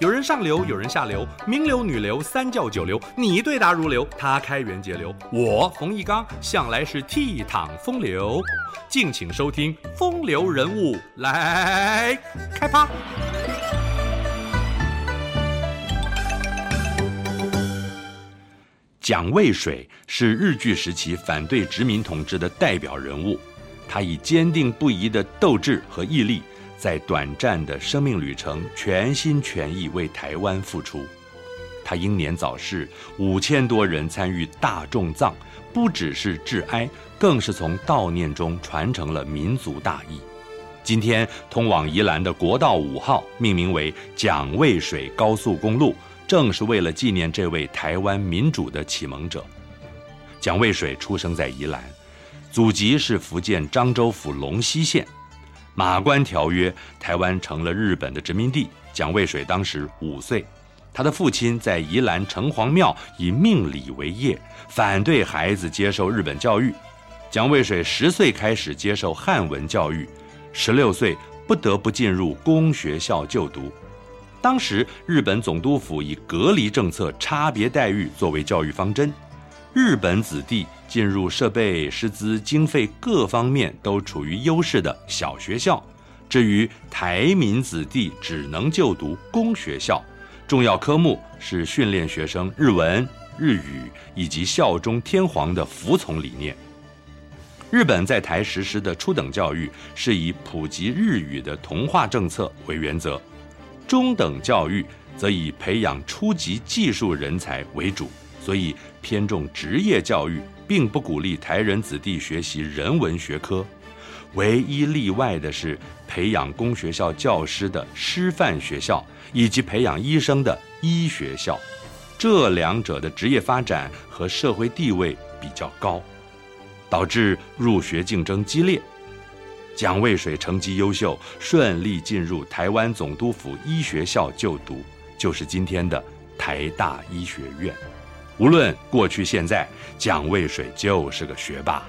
有人上流，有人下流，名流、女流、三教九流，你對答如流，他開源節流，我馮翊綱向來是倜儻風流。敬請收聽《風流人物》來，來開趴。蔣渭水是日據時期反對殖民統治的代表人物，他以堅定不移的鬥志和毅力，在短暫的生命旅程，全心全意為台灣付出。他英年早逝，五千多人參與大眾葬，不只是致哀，更是從悼念中傳承了民族大義。今天，通往宜蘭的國道五號命名為蔣渭水高速公路，正是為了紀念這位台灣民主的啟蒙者。蔣渭水出生在宜蘭，祖籍是福建漳州府龍溪縣。馬關條約，台灣成了日本的殖民地。蔣渭水當時五歲，他的父親在宜蘭城隍廟以命理為業，反對孩子接受日本教育。蔣渭水十歲開始接受漢文教育，十六歲不得不進入公學校就讀。當時日本總督府以隔離政策、差別待遇作為教育方針。日本子弟進入設備、師資、經費各方面都處於優勢的小學校，至於台民子弟只能就讀公學校。重要科目是訓練學生日文、日語以及效忠天皇的服從理念。日本在台實施的初等教育是以普及日語的同化政策為原則，中等教育則以培養初級技術人才為主，所以，偏重職業教育，並不鼓勵台人子弟學習人文學科。唯一例外的是培養公學校教師的師範學校，以及培養醫生的醫學校。這兩者的職業發展和社會地位比較高，導致入學競爭激烈。蔣渭水成績優秀，順利進入台灣總督府醫學校就讀，就是今天的台大醫學院。無論過去現在，蔣渭水就是個學霸。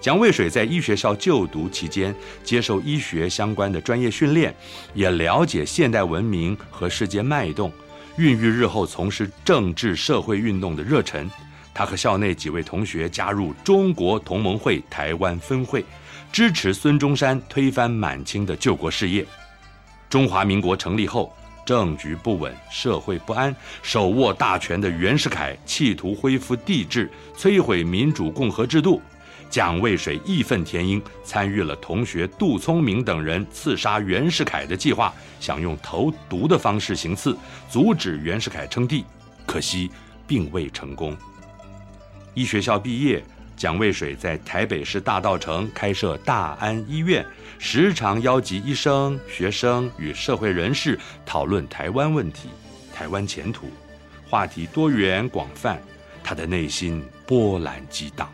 蔣渭水在醫學校就讀期間，接受醫學相關的專業訓練，也了解現代文明和世界脈動，孕育日後從事政治社會運動的熱忱。他和校內幾位同學加入中國同盟會台灣分會，支持孫中山推翻滿清的救國事業。中華民國成立後，政局不穩，社會不安，手握大權的袁世凱企圖恢復帝制，摧毀民主共和制度。蔣渭水義憤填膺，參與了同學杜聰明等人刺殺袁世凱的計劃，想用投毒的方式行刺，阻止袁世凱稱帝，可惜並未成功。醫學校畢業。蔣渭水在台北市大稻埕開設大安醫院，時常邀集醫生、學生與社會人士討論台灣問題、台灣前途，話題多元廣泛，他的內心波瀾激盪。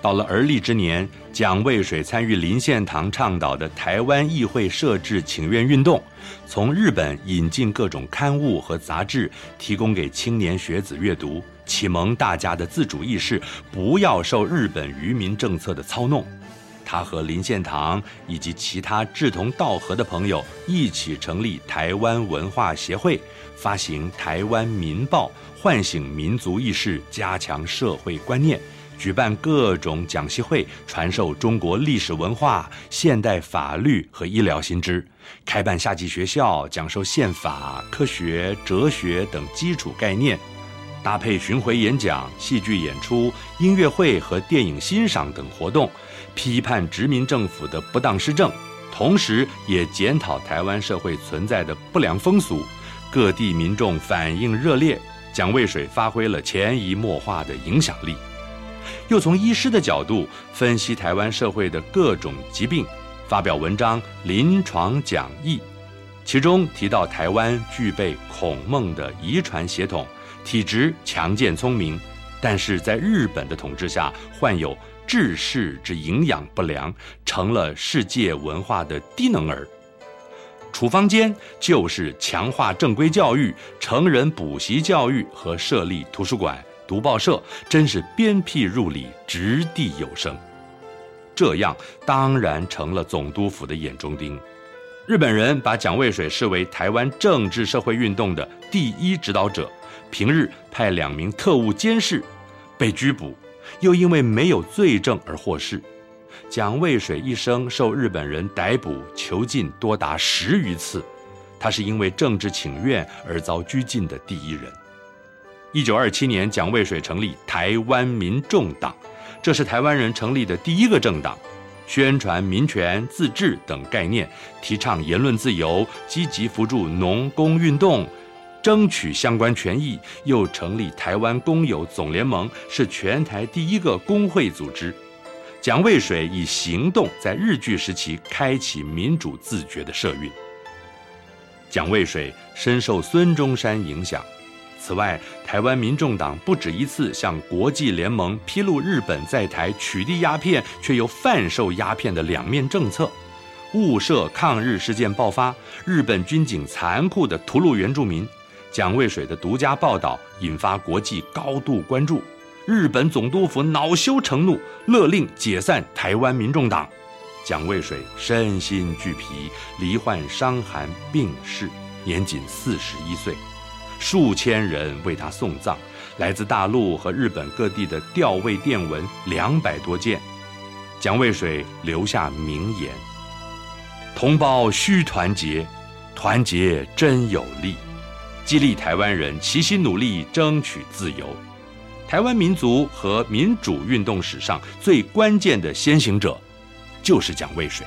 到了而立之年，蔣渭水參與林獻堂倡導的台灣議會設置請願運動，從日本引進各種刊物和雜誌，提供給青年學子閱讀，啟蒙大家的自主意識，不要受日本愚民政策的操弄。他和林獻堂以及其他志同道合的朋友一起成立台灣文化協會，發行《台灣民報》，喚醒民族意識，加強社會觀念。舉辦各種講習會，傳授中國歷史文化、現代法律和醫療新知；開辦夏季學校，講授憲法、科學、哲學等基礎概念；搭配巡迴演講、戲劇演出、音樂會和電影欣賞等活動，批判殖民政府的不當施政，同時也檢討台灣社會存在的不良風俗。各地民眾反應熱烈，蔣渭水發揮了潛移默化的影響力。又從醫師的角度分析台灣社會的各種疾病，發表文章、臨床講義，其中提到台灣具備孔孟的遺傳血統，體質強健聰明，但是在日本的統治下，患有智識之營養不良，成了世界文化的低能兒。處方箋就是強化正規教育、成人補習教育和設立圖書館。讀報社真是鞭辟入裡，擲地有聲。這樣當然成了總督府的眼中釘。日本人把蔣渭水視為台灣政治社會運動的第一指導者，平日派兩名特務監視，被拘捕，又因為沒有罪證而獲釋。蔣渭水一生受日本人逮捕囚禁多達十餘次，他是因為政治請願而遭拘禁的第一人。一九二七年，蔣渭水成立台灣民眾黨，這是台灣人成立的第一個政黨，宣傳民權、自治等概念，提倡言論自由，積極扶助農工運動，爭取相關權益。又成立台灣工友總聯盟，是全台第一個工會組織。蔣渭水以行動在日據時期開啟民主自覺的社運。蔣渭水深受孫中山影響。此外，臺灣民眾黨不止一次向國際聯盟披露日本在台取締鴉片卻又販售鴉片的兩面政策，霧社抗日事件爆發，日本軍警殘酷的屠戮原住民，蔣渭水的獨家報道引發國際高度關注，日本總督府惱羞成怒，勒令解散臺灣民眾黨，蔣渭水身心俱疲，罹患傷寒病逝，年僅四十一歲。數千人為他送葬，來自大陸和日本各地的弔唁電文兩百多件。蔣渭水留下名言：“同胞須團結，團結真有力，激勵臺灣人齊心努力爭取自由。”臺灣民族和民主運動史上最關鍵的先行者，就是蔣渭水。